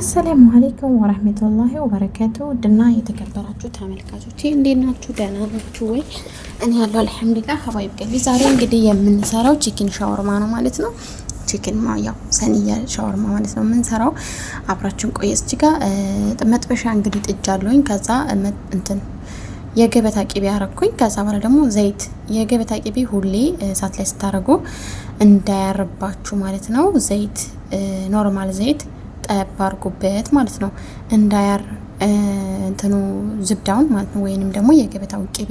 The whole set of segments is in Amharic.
አሰላሙ አሌይኩም ወረህመቱላሂ ወበረከቱ ውድና የተከበራችሁ ተመልካቾች እንዴት ናችሁ? ደህና ናችሁ ወይ? እኔ ያለው አልሐምዱሊላህ ሀባይብ ገቢ። ዛሬ እንግዲህ የምንሰራው ቺክን ሻወርማ ነው ማለት ነው። ቺክን ያው ሰኒያ ሻወርማ ማለት ነው የምንሰራው። አብራችን ቆየስች ጋ መጥበሻ እንግዲህ ጥጃ ከዛ እንትን የገበታ ቂቤ አረኩኝ። ከዛ በኋላ ደግሞ ዘይት የገበታ ቂቤ ሁሌ እሳት ላይ ስታደርጉ እንዳያርባችሁ ማለት ነው። ዘይት ኖርማል ዘይት ጠብ አድርጉበት ማለት ነው እንዳያር እንትኑ ዝብዳውን ማለት ነው ወይንም ደግሞ የገበታው ቅቤ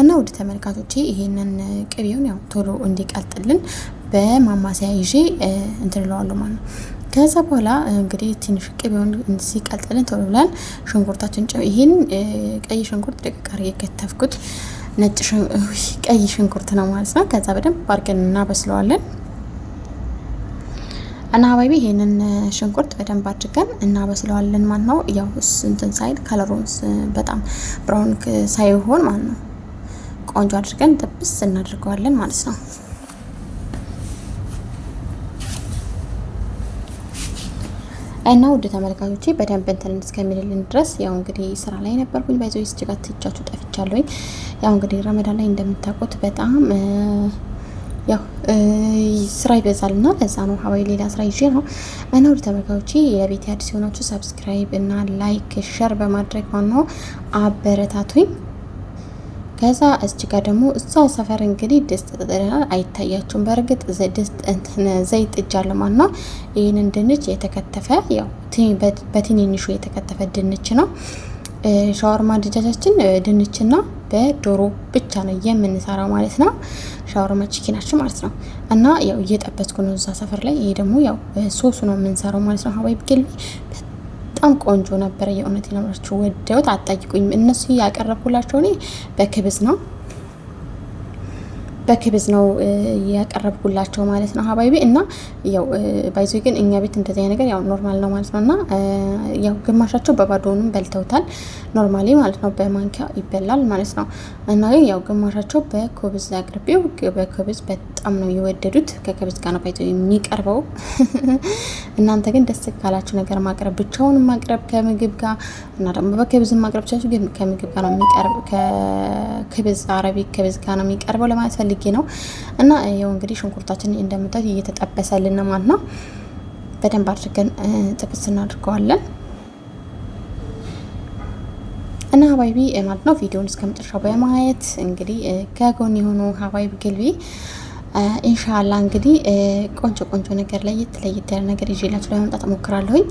እና ውድ ተመልካቾች ይሄንን ቅቤውን ያው ቶሎ እንዲቀልጥልን በማማሰያ ይዤ እንትንለዋሉ ማለት ነው። ከዛ በኋላ እንግዲህ ትንሽ ቅቤውን ሲቀልጥልን ቶሎ ብለን ሽንኩርታችን ጨው ይህን ቀይ ሽንኩርት ደቀቃሪ የከተፍኩት ነጭ ቀይ ሽንኩርት ነው ማለት ነው። ከዛ በደንብ አድርገን እናበስለዋለን። እና አባቢ ይሄንን ሽንኩርት በደንብ አድርገን እናበስለዋለን ማለት ነው። ያው እንትን ሳይል ከለሮንስ በጣም ብራውን ሳይሆን ማለት ነው ቆንጆ አድርገን ጥብስ እናድርገዋለን ማለት ነው። እና ውድ ተመልካቾች በደንብ እንትን እስከሚልልን ድረስ ያው እንግዲህ ስራ ላይ ነበርኩኝ። ባይዞ ስጅጋት ትቻችሁ ጠፍቻለሁኝ። ያው እንግዲህ ረመዳን ላይ እንደምታውቁት በጣም ያው ስራ ይበዛል እና ለዛ ነው ሀዋይ ሌላ ስራ ይዤ ነው እና ወደ ተመልካዮቼ የቤት አዲስ የሆናችሁ ሰብስክራይብ እና ላይክ ሸር በማድረግ ማነው አበረታቱኝ። ከዛ እዚህ ጋር ደግሞ እዛ ሰፈር እንግዲህ ድስት ጥደናል፣ አይታያችሁም። በእርግጥ ድስት ዘይት ጥጃለሁ ማለት ነው። ይህንን ድንች የተከተፈ ያው በትንንሹ የተከተፈ ድንች ነው። ሻወርማ ድጃጃችን ድንችና በዶሮ ብቻ ነው የምንሰራው ማለት ነው። ሻወርማ ቺኪናችን ማለት ነው። እና ያው እየጠበስኩ ነው እዛ ሰፈር ላይ። ይሄ ደግሞ ያው ሶሱ ነው የምንሰራው ማለት ነው። ሀዋይ ብጌል በጣም ቆንጆ ነበረ። የእውነት ይነምራችሁ ወደውት አጣይቁኝ። እነሱ ያቀረብኩላቸው እኔ በክብዝ ነው በክብዝ ነው ያቀረብኩላቸው ማለት ነው ሀባይቢ እና ያው ባይዞ ግን እኛ ቤት እንደዚህ ነገር ያው ኖርማል ነው ማለት ነው። እና ያው ግማሻቸው በባዶውንም በልተውታል ኖርማሊ ማለት ነው። በማንኪያ ይበላል ማለት ነው። እና ግን ያው ግማሻቸው በኮብዝ አቅርቤው በኮብዝ በጣም ነው የወደዱት። ከከብት ጋር ነው ባይተው የሚቀርበው። እናንተ ግን ደስ ካላችሁ ነገር ማቅረብ ብቻውን ማቅረብ ከምግብ ጋር እና ደግሞ በከብዝ ማቅረብ ብቻችሁ ግን ከምግብ ጋር ነው የሚቀርብ። ከከብዝ አረቢ ከብዝ ጋር ነው የሚቀርበው ለማለት ፈልጌ ነው። እና ይኸው እንግዲህ ሽንኩርታችን እንደምታዩት እየተጠበሰልን ማለት ነው። በደንብ አድርገን ጥብስ እናድርገዋለን። እና ሀባይቢ ማለት ነው ቪዲዮውን እስከመጨረሻው በማየት እንግዲህ ከጎን የሆኑ ሀባይብ ግልቢ ኢንሻላ እንግዲህ ቆንጆ ቆንጆ ነገር ለየት ለየት ያለ ነገር ይዤላችሁ ለመምጣት እሞክራለሁኝ።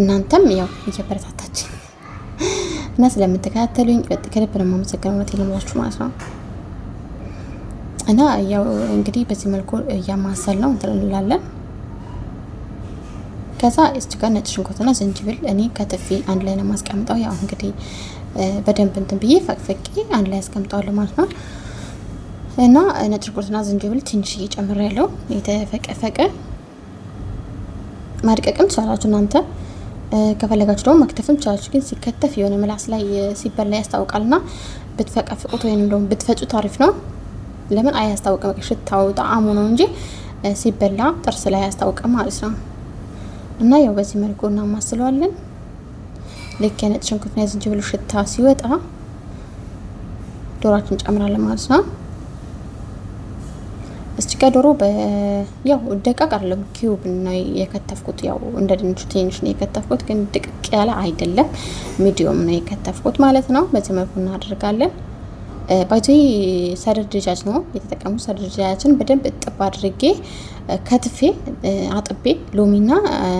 እናንተም ያው እየበረታታችን እና ስለምትከታተሉኝ ከልብ ነው የማመሰግነው፣ እውነቴን ልምላችሁ ማለት ነው። እና ያው እንግዲህ በዚህ መልኩ እያማሰል ነው እንትን እንላለን። ከዛ እስቲ ጋር ነጭ ሽንኩርትና ዝንጅብል እኔ ከትፌ አንድ ላይ ነው የማስቀምጠው። ያው እንግዲህ በደንብ እንትን ብዬ ፈቅፍቄ አንድ ላይ አስቀምጠዋለሁ ማለት ነው። እና ነጭ ሽንኩርትና ዝንጅብል ትንሽ እየጨምር ያለው የተፈቀፈቀ ማድቀቅም ትችላላችሁ እናንተ ከፈለጋችሁ ደግሞ መክተፍም ትችላችሁ። ግን ሲከተፍ የሆነ ምላስ ላይ ሲበላ ያስታውቃል እና ብትፈቀፍቁት ወይም ደግሞ ብትፈጩት አሪፍ ነው። ለምን አያስታውቅም፣ ሽታው ጣዕሙ ነው እንጂ ሲበላ ጥርስ ላይ አያስታውቅም ማለት ነው። እና ያው በዚህ መልኩ እናማስለዋለን። ልክ የነጭ ሽንኩርትና የዝንጅብሉ ሽታ ሲወጣ ዶሯችን ጨምራለን ማለት ነው። እስቲ ጋር ዶሮ ያው ደቃቅ አይደለም፣ ኪዩብ ነው የከተፍኩት። ያው እንደ ድንቹ ትንሽ ነው የከተፍኩት፣ ግን ድቅቅ ያለ አይደለም። ሚዲዮም ነው የከተፍኩት ማለት ነው። በዚህ መልኩ እናደርጋለን። ባይዜ ሰደርደጃጅ ነው የተጠቀሙ። ሰደርደጃጅን በደንብ እጥብ አድርጌ ከትፌ አጥቤ ሎሚና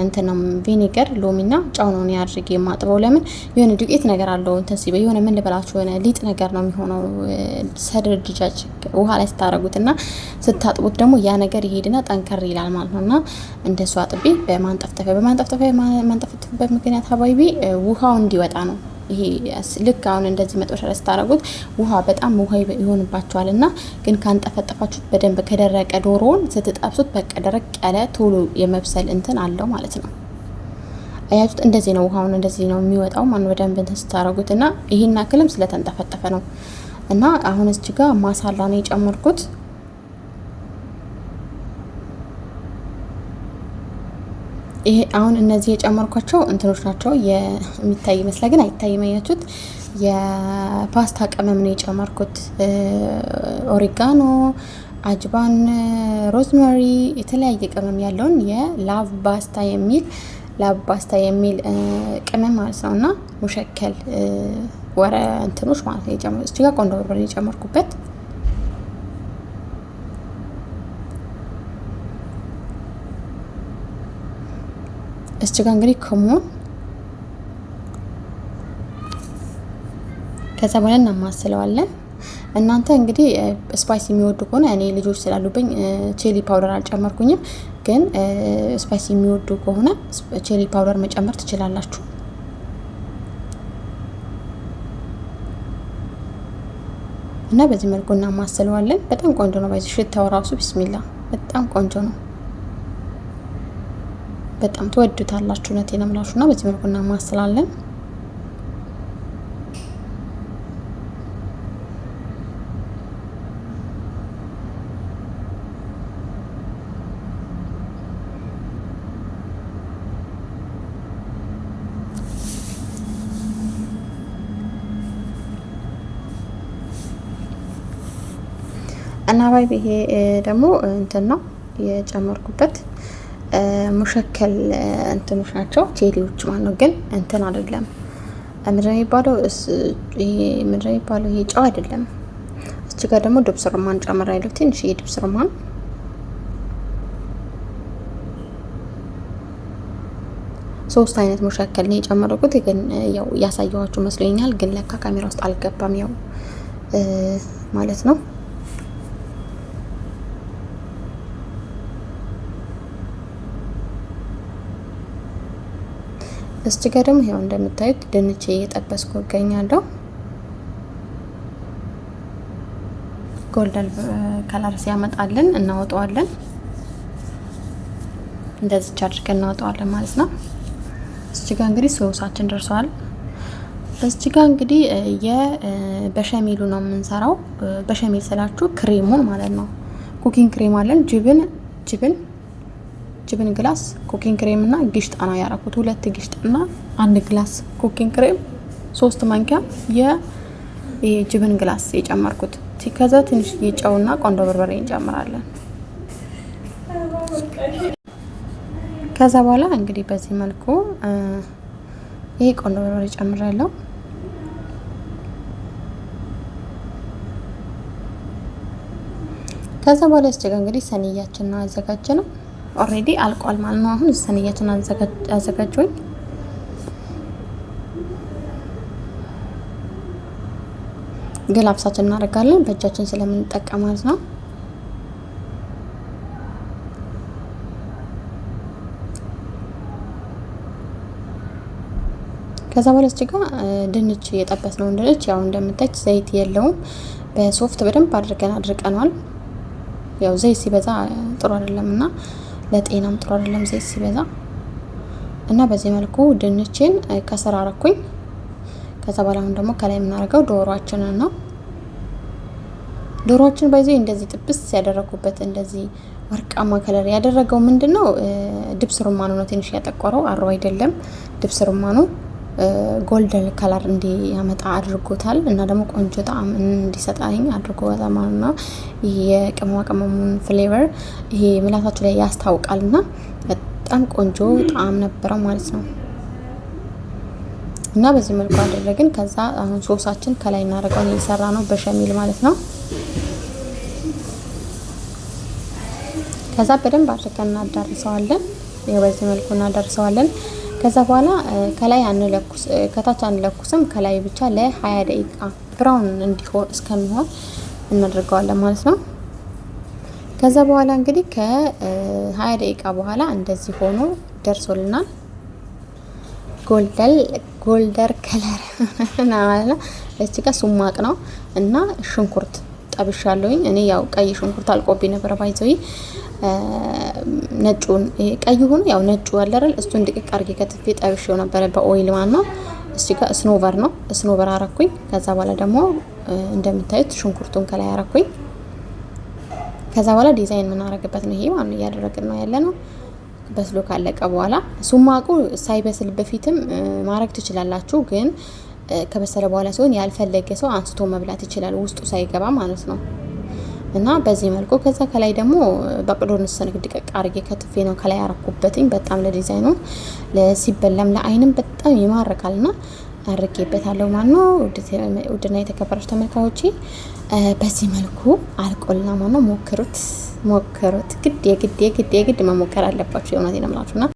እንትና ቪኔገር ሎሚና ጫው ነው አድርጌ የማጥበው። ለምን የሆነ ዱቄት ነገር አለው እንትን ሲበ የሆነ ምን ልበላችሁ የሆነ ሊጥ ነገር ነው የሚሆነው ሰደርደጃጅ ውሃ ላይ ስታረጉት እና ስታጥቡት ደግሞ ያ ነገር ይሄድና ጠንከር ይላል ማለት ነው። እና እንደሱ አጥቤ በማንጠፍጠፊያ በማንጠፍጠፊያ ማንጠፍጠፍበት ምክንያት አባይቢ ውሃው እንዲወጣ ነው ይሄ ልክ አሁን እንደዚህ መጥበሻ ስታረጉት ውሃ በጣም ውሃ ይሆንባቸዋል እና ግን ካንጠፈጠፋችሁት በደንብ ከደረቀ ዶሮውን ስትጠብሱት በቃ ደረቅ ያለ ቶሎ የመብሰል እንትን አለው ማለት ነው። አያችሁት? እንደዚህ ነው ውሃውን እንደዚህ ነው የሚወጣው ማን በደንብ እንትን ስታረጉት እና ይሄን አክልም ስለተንጠፈጠፈ ነው እና አሁን እዚህ ጋር ማሳላ ነው የጨመርኩት። ይሄ አሁን እነዚህ የጨመርኳቸው እንትኖች ናቸው። የሚታይ ይመስላል ግን አይታይም። አያችሁት? የፓስታ ቅመም ነው የጨመርኩት። ኦሪጋኖ፣ አጅባን፣ ሮዝመሪ የተለያየ ቅመም ያለውን የላቭ ባስታ የሚል ላቭ ባስታ የሚል ቅመም ማለት ነው እና ሙሸከል ወረ እንትኖች ማለት ነው። እዚህ ጋ ቆንጆ በርበሬ የጨመርኩበት እዚህ ጋር እንግዲህ ክሙን ከዛ በኋላ እናማስለዋለን። እናንተ እንግዲህ ስፓይስ የሚወዱ ከሆነ እኔ ልጆች ስላሉብኝ ቼሊ ፓውደር አልጨመርኩኝም፣ ግን ስፓይስ የሚወዱ ከሆነ ቼሊ ፓውደር መጨመር ትችላላችሁ። እና በዚህ መልኩ እናማስለዋለን። በጣም ቆንጆ ነው። ባይዚ ሽታው ራሱ ቢስሚላ በጣም ቆንጆ ነው። በጣም ትወዱታላችሁ። እውነቴን ነው የምላችሁ። እና በዚህ መልኩ እናማስላለን። እና ባይ ይሄ ደግሞ እንትን ነው የጨመርኩበት ሙሸከል እንትኖች ናቸው ቴሌዎች ማለት ነው። ግን እንትን አይደለም ምንድን የሚባለው? ምንድን የሚባለው? ይሄ ጨው አይደለም። እች ጋር ደግሞ ድብስ ርማን ጨምር ያለው ትንሽ ይሄ ድብስ ርማን ሶስት አይነት ሙሸከል ነው የጨመረኩት። ግን ያው ያሳየዋችሁ መስሎኛል፣ ግን ለካ ካሜራ ውስጥ አልገባም ያው ማለት ነው። እዚህ ጋር ደግሞ ያው እንደምታዩት ድንች እየጠበስኩ እገኛለሁ። ጎልደን ከለር ሲያመጣልን እናወጣዋለን። እንደዚህ አድርገን እናወጣዋለን ማለት ነው። እዚህ ጋር እንግዲህ ሶሳችን ደርሰዋል። እዚህ ጋር እንግዲህ የበሸሚሉ ነው የምንሰራው። በሸሚል ስላችሁ ክሬሙን ማለት ነው። ኩኪንግ ክሬም አለን ጅብን ጅብን ጅብን ግላስ ኩኪንግ ክሬም እና ነው። ያረኩት ሁለት ጊሽጣና አንድ ግላስ ኩኪንግ ክሬም ሶስት ማንኪያ የጅብን ግላስ የጨመርኩት። ከዛ ትንሽ ጨውና ቆንዶ በርበሬ እንጨምራለን። ከዛ በኋላ እንግዲህ በዚህ መልኩ ይሄ ቆንዶ በርበሬ ጨምራለሁ። ከዛ በኋላ ስጨጋ እንግዲህ ሰኒያችን ነው ነው። ኦሬዲ አልቋል ማለት ነው። አሁን ሰንያችን አዘጋጅወኝ ግላብሳችን እናደርጋለን በእጃችን ስለምንጠቀም ማለት ነው። ከዛ በኋላ እዚህ ጋ ድንች እየጠበስ ነው። ድንች ያው እንደምታች ዘይት የለውም። በሶፍት በደንብ አድርገን አድርቀናል። ያው ዘይት ሲበዛ ጥሩ አይደለም እና ለጤናም ጥሩ አይደለም ዘይት ሲበዛ እና በዚህ መልኩ ድንችን ከሰራረኩኝ ከዛ በኋላ አሁን ደግሞ ከላይ የምናደርገው ዶሮአችንን ነው። ዶሮችን ባይዘ እንደዚህ ጥብስ ያደረኩበት እንደዚህ ወርቃማ ከለር ያደረገው ምንድን ነው? ድብስ ሩማኑ ነው። ትንሽ ያጠቆረው አሮ አይደለም፣ ድብስ ሩማኑ ጎልደን ከለር እንዲያመጣ አድርጎታል እና ደግሞ ቆንጆ ጣዕም እንዲሰጣኝ አድርጎታል ማለት ነው። የቅመማ ቅመሙን ፍሌቨር ይሄ ምላሳችሁ ላይ ያስታውቃል እና በጣም ቆንጆ ጣዕም ነበረው ማለት ነው። እና በዚህ መልኩ አደረግን። ከዛ አሁን ሶሳችን ከላይ እናደርገውን እየሰራ ነው በሸሚል ማለት ነው። ከዛ በደንብ አድርገን እናዳርሰዋለን። በዚህ መልኩ እናዳርሰዋለን። ከዛ በኋላ ከላይ አንለኩስ ከታች አንለኩስም ከላይ ብቻ ለ20 ደቂቃ ብራውን እንዲሆን እስከሚሆን እናደርገዋለን ማለት ነው። ከዛ በኋላ እንግዲህ ከ20 ደቂቃ በኋላ እንደዚህ ሆኖ ደርሶልናል። ጎልደል ጎልደር ከለር ማለት ነው። እዚህ ጋር ሱማቅ ነው እና ሽንኩርት ጠብሻለሁኝ እኔ ያው ቀይ ሽንኩርት አልቆብኝ ነበር ባይዘይ ነጩን ቀይ ሆኖ ያው ነጩ ያለረል እሱን ድቅቅ አርጌ ከትፌ ጠብሼው ነበረ በኦይል ማለት ነው። እሱ ጋር ስኖቨር ነው ስኖቨር አረኩኝ። ከዛ በኋላ ደግሞ እንደምታዩት ሽንኩርቱን ከላይ አረኩኝ። ከዛ በኋላ ዲዛይን የምናረግበት ነው ይሄ ማለት እያደረግን ነው ያለ ነው። በስሎ ካለቀ በኋላ ሱማቁ ሳይበስል በፊትም ማረግ ትችላላችሁ፣ ግን ከበሰለ በኋላ ሲሆን ያልፈለገ ሰው አንስቶ መብላት ይችላል፣ ውስጡ ሳይገባ ማለት ነው። እና በዚህ መልኩ ከዛ ከላይ ደግሞ በቅዶ ሰንግ ድቀቅ አርጌ ከትፌ ነው ከላይ አረኩበትኝ። በጣም ለዲዛይኑ ሲበላም ለአይንም በጣም ይማርካልና አድርጌበታለሁ ማለት ነው። ውድና የተከበራችሁ ተመልካዮች በዚህ መልኩ አልቆልና ማለት ነው። ሞክሩት ሞክሩት። ግድ የግድ የግድ የግድ መሞከር አለባችሁ። የእውነቴን ነው የምላችሁና